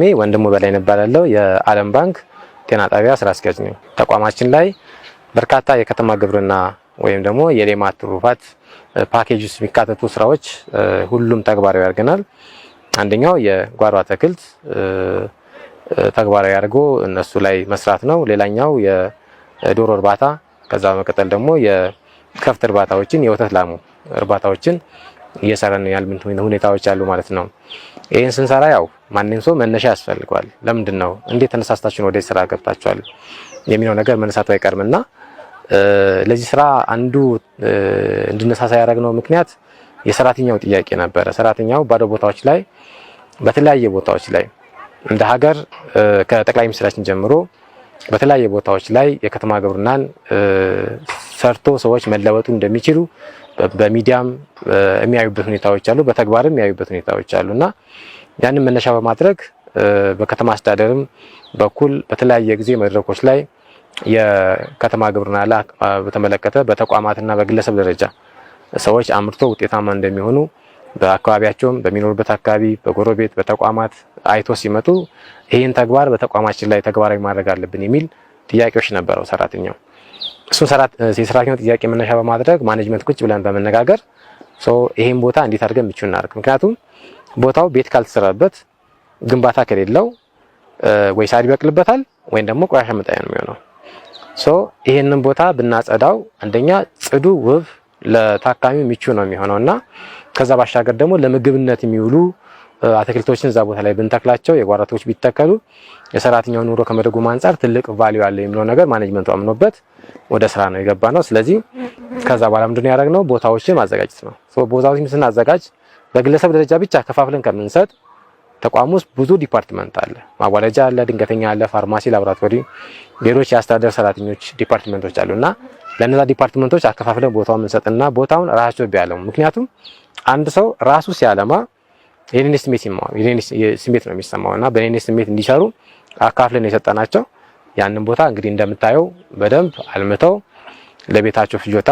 ስሜ ወንድሙ በላይ እባላለሁ። የዓለም ባንክ ጤና ጣቢያ ስራ አስኪያጅ ነኝ። ተቋማችን ላይ በርካታ የከተማ ግብርና ወይም ደግሞ የሌማት ትሩፋት ፓኬጅ ውስጥ የሚካተቱ ስራዎች ሁሉም ተግባራዊ ያደርገናል። አንደኛው የጓሮ አትክልት ተግባራዊ አድርጎ እነሱ ላይ መስራት ነው። ሌላኛው የዶሮ እርባታ፣ ከዛ በመቀጠል ደግሞ የከፍት እርባታዎችን፣ የወተት ላሙ እርባታዎችን እየሰራን ያልምን ሁኔታዎች አሉ ማለት ነው። ይህን ስንሰራ ያው ማንም ሰው መነሻ ያስፈልገዋል። ለምንድን ነው እንዴት ተነሳስታችሁን ወደ ስራ ገብታችኋል የሚለው ነገር መነሳቱ አይቀርምና ለዚህ ስራ አንዱ እንድነሳሳ ያደረግነው ምክንያት የሰራተኛው ጥያቄ ነበረ። ሰራተኛው ባዶ ቦታዎች ላይ በተለያየ ቦታዎች ላይ እንደ ሀገር ከጠቅላይ ሚኒስትራችን ጀምሮ በተለያየ ቦታዎች ላይ የከተማ ግብርናን ሰርቶ ሰዎች መለወጡ እንደሚችሉ በሚዲያም የሚያዩበት ሁኔታዎች አሉ፣ በተግባርም የሚያዩበት ሁኔታዎች አሉ እና ያንን መነሻ በማድረግ በከተማ አስተዳደርም በኩል በተለያየ ጊዜ መድረኮች ላይ የከተማ ግብርና በተመለከተ በተቋማትና በግለሰብ ደረጃ ሰዎች አምርቶ ውጤታማ እንደሚሆኑ በአካባቢያቸውም በሚኖሩበት አካባቢ በጎረቤት በተቋማት አይቶ ሲመጡ ይህን ተግባር በተቋማችን ላይ ተግባራዊ ማድረግ አለብን የሚል ጥያቄዎች ነበረው ሰራተኛው። እሱ የሰራተኛው ጥያቄ መነሻ በማድረግ ማኔጅመንት ቁጭ ብለን በመነጋገር ይሄን ቦታ እንዴት አድርገን ምቹ እናደርግ። ምክንያቱም ቦታው ቤት ካልተሰራበት ግንባታ ከሌለው ወይ ሳር ይበቅልበታል ወይም ደግሞ ቆሻሻ መጣያ ነው የሚሆነው። ሶ ቦታ ብናጸዳው አንደኛ ጽዱ፣ ውብ፣ ለታካሚ ምቹ ነው እና ከዛ ባሻገር ደግሞ ለምግብነት የሚውሉ አትክልቶችን እዛ ቦታ ላይ ብንተክላቸው የጓሮ አትክልቶች ቢተከሉ የሰራተኛው ኑሮ ከመደጎም አንጻር ትልቅ ቫልዩ አለ የሚለው ነገር ማኔጅመንቱ አምኖበት ወደ ስራ ነው የገባ ነው። ስለዚህ ከዛ በኋላ ምንድን ያደረግነው ቦታዎችን ማዘጋጀት ነው። ቦታዎችን ስናዘጋጅ በግለሰብ ደረጃ ብቻ ከፋፍለን ከምንሰጥ ተቋም ውስጥ ብዙ ዲፓርትመንት አለ። ማጓለጃ አለ፣ ድንገተኛ አለ፣ ፋርማሲ፣ ላቦራቶሪ፣ ሌሎች የአስተዳደር ሰራተኞች ዲፓርትመንቶች አሉ እና ዲፓርትመንቶች አከፋፍለን ቦታውን የምንሰጥና ቦታውን ራሳቸው ቢያለሙ ምክንያቱም አንድ ሰው ራሱ ሲያለማ የኔን ስሜት ይማሩ የኔን ስሜት ነው የሚሰማው እና በኔን ስሜት እንዲሰሩ አካፍለን የሰጠናቸው ያንን ቦታ እንግዲህ እንደምታየው በደንብ አልምተው ለቤታቸው ፍጆታ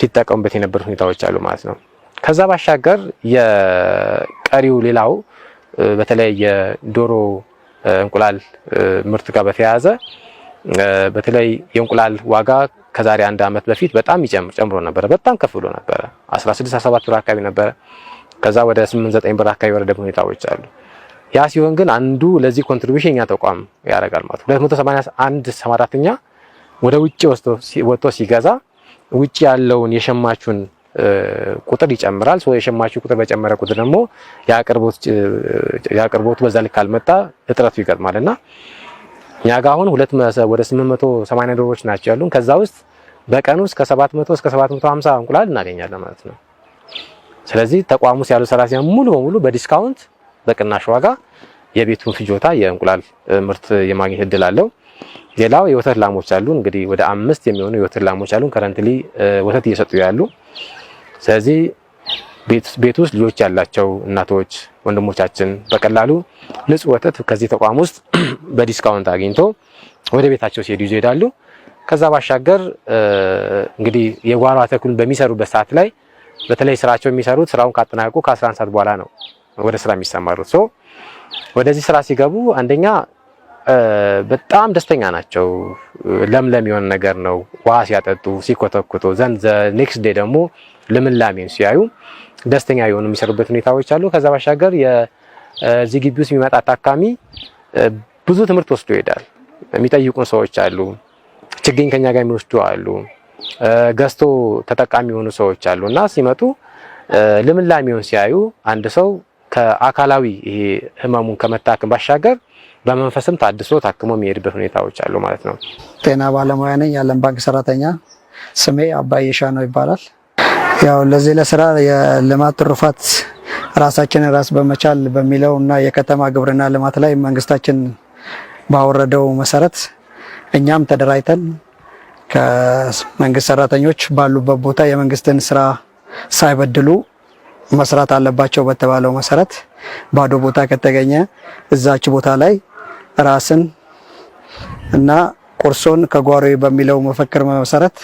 ሲጠቀሙበት የነበሩ ሁኔታዎች አሉ ማለት ነው። ከዛ ባሻገር የቀሪው ሌላው በተለይ የዶሮ እንቁላል ምርት ጋር በተያያዘ በተለይ የእንቁላል ዋጋ ከዛሬ አንድ ዓመት በፊት በጣም ይጨምር ጨምሮ ነበረ። በጣም ከፍ ብሎ ነበረ። 16 17 ብር አካባቢ ነበረ። ከዛ ወደ 89 ብር አካባቢ ወረደ ሁኔታዎች አሉ። ያ ሲሆን ግን አንዱ ለዚህ ኮንትሪቢሽን እኛ ተቋም ያደርጋል ማለት 281 ሰማራተኛ ወደ ውጭ ወጥቶ ሲገዛ ውጭ ያለውን የሸማቹን ቁጥር ይጨምራል። የሸማቹ ቁጥር በጨመረ ቁጥር ደግሞ የአቅርቦቱ በዛ ልክ ካልመጣ እጥረቱ ይገጥማልና እኛ ጋር አሁን ሁለት ወደ 880 ዶሮዎች ናቸው ያሉን። ከዛ ውስጥ በቀን ውስጥ ከ700 እስከ 750 እንቁላል እናገኛለን ማለት ነው። ስለዚህ ተቋሙ ውስጥ ያሉ ሰራተኞች ሙሉ በሙሉ በዲስካውንት በቅናሽ ዋጋ የቤቱን ፍጆታ የእንቁላል ምርት የማግኘት እድል አለው። ሌላው የወተት ላሞች አሉ። እንግዲህ ወደ አምስት የሚሆኑ የወተት ላሞች አሉ ከረንትሊ ወተት እየሰጡ ያሉ። ስለዚህ ቤት ውስጥ ልጆች ያላቸው እናቶች ወንድሞቻችን በቀላሉ ንጹህ ወተት ከዚህ ተቋም ውስጥ በዲስካውንት አግኝቶ ወደ ቤታቸው ሲሄዱ ይዞ ይሄዳሉ። ከዛ ባሻገር እንግዲህ የጓሮ አተክሉን በሚሰሩበት ሰዓት ላይ በተለይ ስራቸው የሚሰሩት ስራውን ካጠናቀቁ ከ11 ሰዓት በኋላ ነው ወደ ስራ የሚሰማሩት። ሶ ወደዚህ ስራ ሲገቡ አንደኛ በጣም ደስተኛ ናቸው። ለምለም የሆነ ነገር ነው። ውሃ ሲያጠጡ፣ ሲኮተኩቶ ዘንድ ዘ ኔክስት ዴይ ደግሞ ልምላሜን ሲያዩ ደስተኛ የሆኑ የሚሰሩበት ሁኔታዎች አሉ። ከዛ ባሻገር የዚህ ግቢ ውስጥ የሚመጣ ታካሚ ብዙ ትምህርት ወስዶ ይሄዳል። የሚጠይቁን ሰዎች አሉ። ችግኝ ከኛ ጋር የሚወስዱ አሉ። ገዝቶ ተጠቃሚ የሆኑ ሰዎች እና ሲመጡ ልምላሜውን ሲያዩ አንድ ሰው ከአካላዊ ይሄ ህመሙን ከመታከም ባሻገር በመንፈስም ታድሶ ታክሞ የሚሄድበት ሁኔታዎች አሉ ማለት ነው። ጤና ባለሙያ ነኝ፣ የዓለም ባንክ ሰራተኛ። ስሜ አባየሻ ነው ይባላል። ያው ለዚህ ለስራ የልማት ትሩፋት ራሳችንን ራስ በመቻል በሚለው እና የከተማ ግብርና ልማት ላይ መንግስታችን ባወረደው መሰረት እኛም ተደራጅተን ከመንግስት ሰራተኞች ባሉበት ቦታ የመንግስትን ስራ ሳይበድሉ መስራት አለባቸው በተባለው መሰረት ባዶ ቦታ ከተገኘ እዛች ቦታ ላይ ራስን እና ቁርሶን ከጓሮ በሚለው መፈክር መሰረት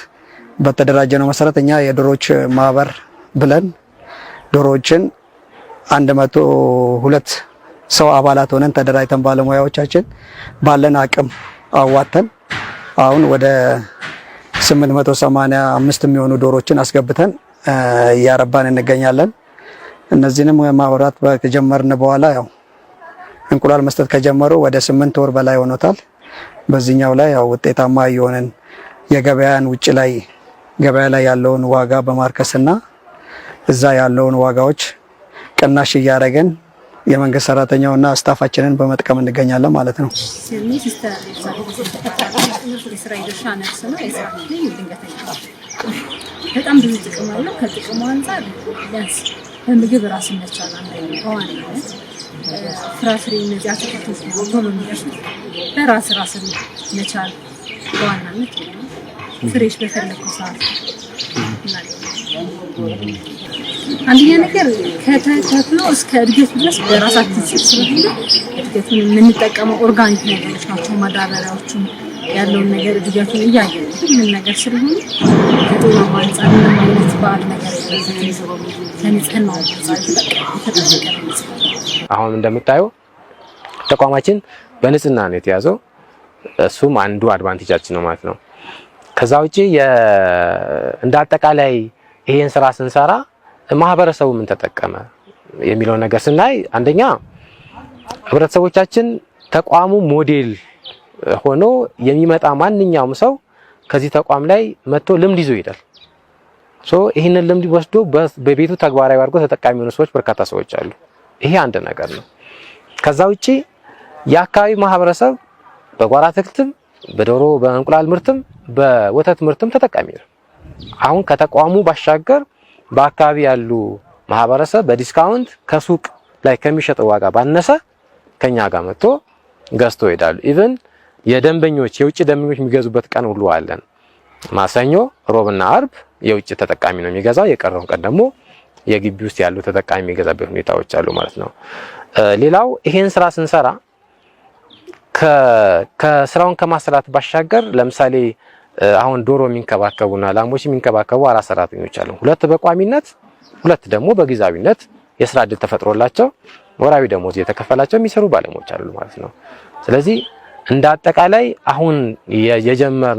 በተደራጀ ነው መሰረት እኛ የዶሮዎች ማህበር ብለን ዶሮዎችን አንድ መቶ ሁለት ሰው አባላት ሆነን ተደራጅተን ባለሙያዎቻችን ባለን አቅም አዋተን አሁን ወደ 885 የሚሆኑ ዶሮችን አስገብተን እያረባን እንገኛለን። እነዚህንም ማብራት ከጀመርን በኋላ ያው እንቁላል መስጠት ከጀመሩ ወደ ስምንት ወር በላይ ሆኖታል። በዚህኛው ላይ ያው ውጤታማ እየሆንን የገበያን ውጭ ላይ ገበያ ላይ ያለውን ዋጋ በማርከስና እዛ ያለውን ዋጋዎች ቅናሽ እያደረገን የመንግስት ሰራተኛውና ስታፋችንን በመጥቀም እንገኛለን ማለት ነው። የስራ የድርሻ ነፍስ ነው። የስራ ድንገተኛ በጣም ብዙ ጥቅም አለው። ከጥቅሙ አንጻር ቢያንስ በምግብ ራስ መቻል አንደኛው በዋናነት ፍራፍሬ፣ እነዚህ አትክልቶች ቶሎ የሚደርሱት በራስ ራስ መቻል በዋናነት ፍሬሽ በፈለጉ ሰዓት አንደኛ ነገር ከተተክሎ እስከ እድገት ድረስ በራሳችን ስር ስለሆነ እድገቱን የምንጠቀመው ኦርጋኒክ ነገሮች ናቸው ማዳበሪያዎቹም ያለውን ነገር እድገቱን እያየ ነው። ሁሉም ነገር ስለሆነ ከጤና አንጻር ምንም አይነት በዓል ነገር ከንጽህና አንጻር የተጠበቀ አሁን እንደምታየው ተቋማችን በንጽህና ነው የተያዘው። እሱም አንዱ አድቫንቴጃችን ነው ማለት ነው። ከዛ ውጪ እንደ አጠቃላይ ይሄን ስራ ስንሰራ ማህበረሰቡ ምን ተጠቀመ የሚለው ነገር ስናይ አንደኛ ህብረተሰቦቻችን ተቋሙ ሞዴል ሆኖ የሚመጣ ማንኛውም ሰው ከዚህ ተቋም ላይ መጥቶ ልምድ ይዞ ይሄዳል። ሶ ይህንን ልምድ ወስዶ በቤቱ ተግባራዊ አድርጎ ተጠቃሚ የሆኑ ሰዎች በርካታ ሰዎች አሉ። ይሄ አንድ ነገር ነው። ከዛ ውጪ የአካባቢ ማህበረሰብ በጓራ አትክልትም፣ በዶሮ በእንቁላል ምርትም፣ በወተት ምርትም ተጠቃሚ ነው። አሁን ከተቋሙ ባሻገር በአካባቢ ያሉ ማህበረሰብ በዲስካውንት ከሱቅ ላይ ከሚሸጠው ዋጋ ባነሰ ከኛ ጋር መጥቶ ገዝቶ ይሄዳሉ። ኢቭን የደንበኞች የውጭ ደንበኞች የሚገዙበት ቀን ሁሉ አለን። ማሰኞ፣ ሮብና አርብ የውጭ ተጠቃሚ ነው የሚገዛው። የቀረውን ቀን ደግሞ የግቢ ውስጥ ያሉ ተጠቃሚ የሚገዛበት ሁኔታዎች አሉ ማለት ነው። ሌላው ይሄን ስራ ስንሰራ ከስራውን ከማሰራት ባሻገር ለምሳሌ አሁን ዶሮ የሚንከባከቡና ላሞች የሚንከባከቡ አራት ሰራተኞች አሉ። ሁለት በቋሚነት ሁለት ደግሞ በጊዜያዊነት የስራ እድል ተፈጥሮላቸው ወራዊ ደሞዝ እየተከፈላቸው የሚሰሩ ባለሙያዎች አሉ ማለት ነው። ስለዚህ እንደ አጠቃላይ አሁን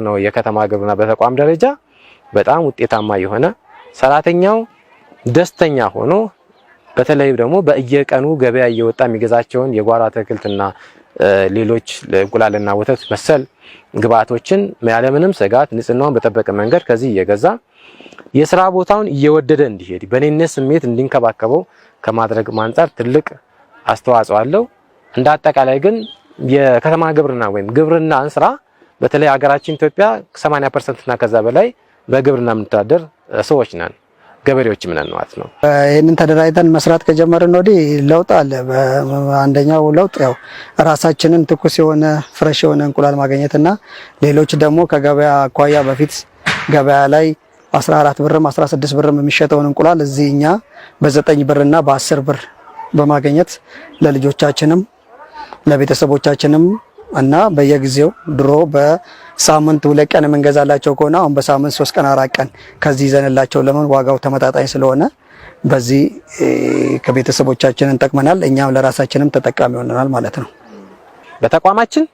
ነው የከተማ ግብርና በተቋም ደረጃ በጣም ውጤታማ የሆነ ሰራተኛው ደስተኛ ሆኖ በተለይ ደግሞ በየቀኑ ገበያ እየወጣ የሚገዛቸውን የጓሮ አትክልትና ሌሎች እንቁላልና ወተት መሰል ግብአቶችን ያለምንም ስጋት ንጽህናውን በጠበቀ መንገድ ከዚህ እየገዛ የስራ ቦታውን እየወደደ እንዲሄድ በኔነት ስሜት እንዲንከባከበው ከማድረግ አንጻር ትልቅ አስተዋጽኦ አለው። እንደ አጠቃላይ ግን የከተማ ግብርና ወይም ግብርና ስራ በተለይ ሀገራችን ኢትዮጵያ 80 ፐርሰንት እና ከዛ በላይ በግብርና የምንተዳደር ሰዎች ነን፣ ገበሬዎች ምነን ማለት ነው። ይህንን ተደራጅተን መስራት ከጀመርን ወዲህ ለውጥ አለ። አንደኛው ለውጥ ያው ራሳችንን ትኩስ የሆነ ፍረሽ የሆነ እንቁላል ማግኘትና ሌሎች ደግሞ ከገበያ አኳያ በፊት ገበያ ላይ 14 ብርም 16 ብርም የሚሸጠውን እንቁላል እዚህ እኛ በ9 ብርና በ10 ብር በማግኘት ለልጆቻችንም ለቤተሰቦቻችንም እና በየጊዜው ድሮ በሳምንት ሁለት ቀን የምንገዛላቸው ከሆነ አሁን በሳምንት ሶስት ቀን አራት ቀን ከዚህ ይዘንላቸው ለምን ዋጋው ተመጣጣኝ ስለሆነ በዚህ ከቤተሰቦቻችን እንጠቅመናል፣ እኛም ለራሳችንም ተጠቃሚ ሆነናል ማለት ነው። በተቋማችን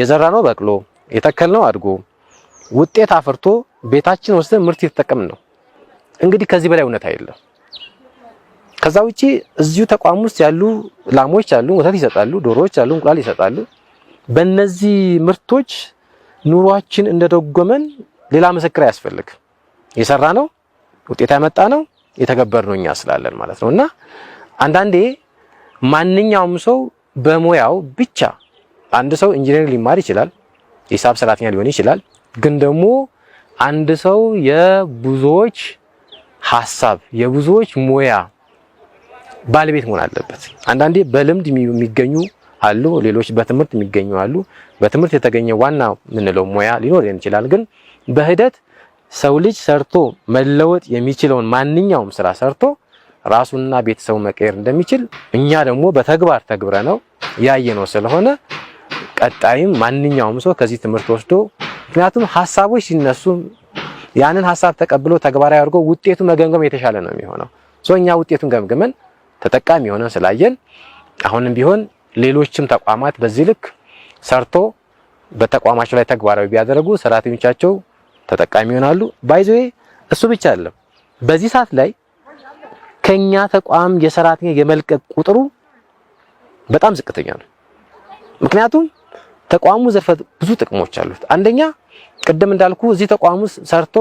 የዘራ ነው በቅሎ የተከል ነው አድጎ ውጤት አፍርቶ ቤታችን ወስደን ምርት የተጠቀምን ነው። እንግዲህ ከዚህ በላይ እውነት አይደለም። ከዛ ውጪ እዚሁ ተቋም ውስጥ ያሉ ላሞች አሉ፣ ወተት ይሰጣሉ፣ ዶሮዎች አሉ፣ እንቁላል ይሰጣሉ። በእነዚህ ምርቶች ኑሯችን እንደደጎመን ሌላ ምስክር አያስፈልግም። የሰራ ነው ውጤት ያመጣ ነው የተገበር ነው እኛ ስላለን ማለት ነው። እና አንዳንዴ ማንኛውም ሰው በሙያው ብቻ አንድ ሰው ኢንጂነሪንግ ሊማር ይችላል፣ ሂሳብ ሰራተኛ ሊሆን ይችላል። ግን ደግሞ አንድ ሰው የብዙዎች ሀሳብ የብዙዎች ሙያ ባለቤት መሆን አለበት። አንዳንዴ በልምድ የሚገኙ አሉ፣ ሌሎች በትምህርት የሚገኙ አሉ። በትምህርት የተገኘ ዋና የምንለው ሙያ ሊኖር ይችላል። ግን በሂደት ሰው ልጅ ሰርቶ መለወጥ የሚችለውን ማንኛውም ስራ ሰርቶ ራሱንና ቤተሰቡ መቀየር እንደሚችል እኛ ደግሞ በተግባር ተግብረ ነው ያየ ነው ስለሆነ ቀጣይም ማንኛውም ሰው ከዚህ ትምህርት ወስዶ ምክንያቱም ሀሳቦች ሲነሱ ያንን ሀሳብ ተቀብሎ ተግባራዊ አድርጎ ውጤቱ መገምገም የተሻለ ነው የሚሆነው። እኛ ውጤቱን ገምግመን ተጠቃሚ የሆነን ስላየን አሁንም ቢሆን ሌሎችም ተቋማት በዚህ ልክ ሰርቶ በተቋማቸው ላይ ተግባራዊ ቢያደረጉ ሰራተኞቻቸው ተጠቃሚ ይሆናሉ። ባይዘዌ እሱ ብቻ አይደለም። በዚህ ሰዓት ላይ ከኛ ተቋም የሰራተኛ የመልቀቅ ቁጥሩ በጣም ዝቅተኛ ነው። ምክንያቱም ተቋሙ ዘርፈ ብዙ ጥቅሞች አሉት። አንደኛ ቅድም እንዳልኩ እዚህ ተቋሙ ሰርቶ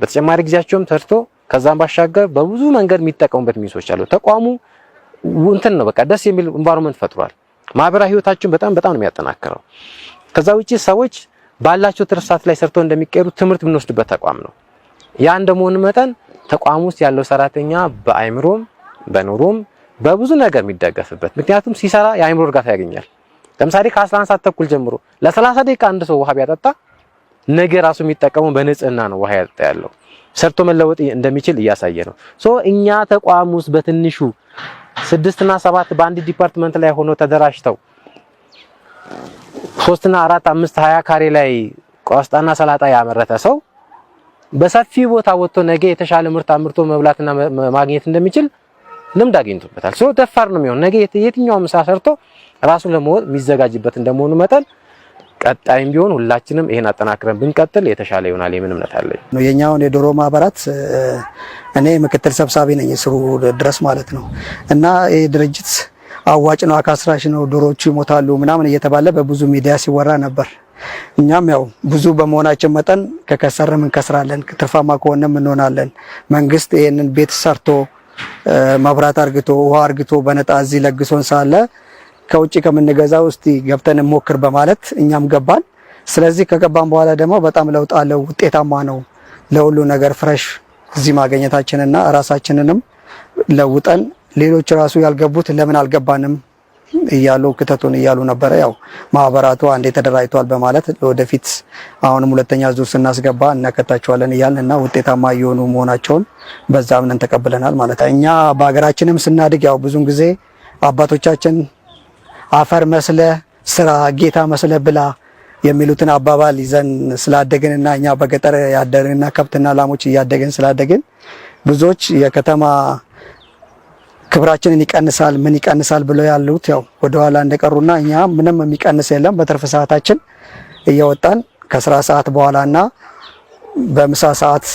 በተጨማሪ ጊዜያቸውም ሰርቶ ከዛም ባሻገር በብዙ መንገድ የሚጠቀሙበት ሚሶች አሉ። ተቋሙ እንትን ነው በቃ ደስ የሚል ኢንቫይሮመንት ፈጥሯል። ማህበራዊ ህይወታችን በጣም በጣም ነው የሚያጠናክረው። ከዛ ውጪ ሰዎች ባላቸው ትርሳት ላይ ሰርተው እንደሚቀሩ ትምህርት የምንወስድበት ተቋም ነው። ያ እንደመሆኑ መጠን ተቋም ውስጥ ያለው ሰራተኛ በአይምሮም በኑሮም በብዙ ነገር የሚደገፍበት ምክንያቱም ሲሰራ የአይምሮ እርጋታ ያገኛል። ለምሳሌ ከ11 ሰዓት ተኩል ጀምሮ ለ30 ደቂቃ አንድ ሰው ውሃ ቢያጠጣ ነገ ራሱ የሚጠቀመው በንጽህና ነው ውሃ ያጠጣ ያለው ሰርቶ መለወጥ እንደሚችል እያሳየ ነው። ሶ እኛ ተቋም ውስጥ በትንሹ ስድስትና ሰባት በአንድ ዲፓርትመንት ላይ ሆኖ ተደራጅተው ሶስትና አራት አምስት ሀያ ካሬ ላይ ቆስጣና ሰላጣ ያመረተ ሰው በሰፊ ቦታ ወጥቶ ነገ የተሻለ ምርት አምርቶ መብላትና ማግኘት እንደሚችል ልምድ አግኝቶበታል። ሶ ደፋር ነው የሚሆን ነገ የትኛውም ስራ ሰርቶ ራሱን የሚዘጋጅበት እንደመሆኑ መጠን ቀጣይም ቢሆን ሁላችንም ይሄን አጠናክረን ብንቀጥል የተሻለ ይሆናል። የምን እምነት አለኝ ነው። የኛውን የዶሮ ማህበራት እኔ ምክትል ሰብሳቢ ነኝ ስሩ ድረስ ማለት ነው እና ይሄ ድርጅት አዋጭ ነው፣ አካስራሽ ነው፣ ዶሮዎቹ ይሞታሉ ምናምን እየተባለ በብዙ ሚዲያ ሲወራ ነበር። እኛም ያው ብዙ በመሆናችን መጠን ከከሰርም እንከስራለን፣ ትርፋማ ከሆነም እንሆናለን። መንግስት ይህንን ቤት ሰርቶ መብራት አርግቶ ውሃ አርግቶ በነጣ እዚህ ለግሶን ሳለ ከውጭ ከምንገዛ እስቲ ገብተን ሞክር በማለት እኛም ገባን። ስለዚህ ከገባን በኋላ ደግሞ በጣም ለውጥ አለው፣ ውጤታማ ነው። ለሁሉ ነገር ፍረሽ እዚህ ማግኘታችንና ራሳችንንም ለውጠን ሌሎች ራሱ ያልገቡት ለምን አልገባንም እያሉ ክተቱን እያሉ ነበረ። ያው ማህበራቱ አንዴ ተደራጅቷል በማለት ለወደፊት አሁንም ሁለተኛ ዙር ስናስገባ እናከታቸዋለን እያልን እና ውጤታማ እየሆኑ መሆናቸውን በዛ አምነን ተቀብለናል ማለት ነው። እኛ በሀገራችንም ስናድግ ያው ብዙን ጊዜ አባቶቻችን አፈር መስለ ስራ ጌታ መስለ ብላ የሚሉትን አባባል ይዘን ስላደግንና እኛ በገጠር ያደርንና ከብትና ላሞች እያደግን ስላደግን ብዙዎች የከተማ ክብራችንን ይቀንሳል ምን ይቀንሳል ብለው ያሉት ያው ወደኋላ እንደቀሩና እኛ ምንም የሚቀንስ የለም። በትርፍ ሰዓታችን እየወጣን ከስራ ሰዓት በኋላና በምሳ ሰዓት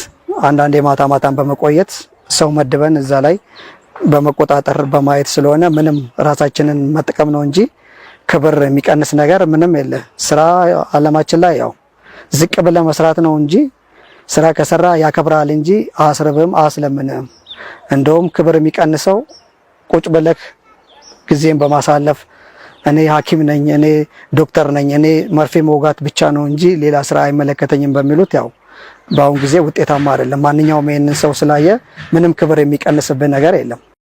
አንዳንዴ ማታ ማታን በመቆየት ሰው መድበን እዛ ላይ በመቆጣጠር በማየት ስለሆነ ምንም ራሳችንን መጠቀም ነው እንጂ ክብር የሚቀንስ ነገር ምንም የለ። ስራ አለማችን ላይ ያው ዝቅ ብለ መስራት ነው እንጂ ስራ ከሰራ ያከብራል እንጂ አስርብም አስለምንም። እንደውም ክብር የሚቀንሰው ቁጭ ብለህ ጊዜን በማሳለፍ እኔ ሐኪም ነኝ እኔ ዶክተር ነኝ እኔ መርፌ መውጋት ብቻ ነው እንጂ ሌላ ስራ አይመለከተኝም በሚሉት ያው በአሁን ጊዜ ውጤታማ አይደለም። ማንኛውም ይህንን ሰው ስላየ ምንም ክብር የሚቀንስብን ነገር የለም።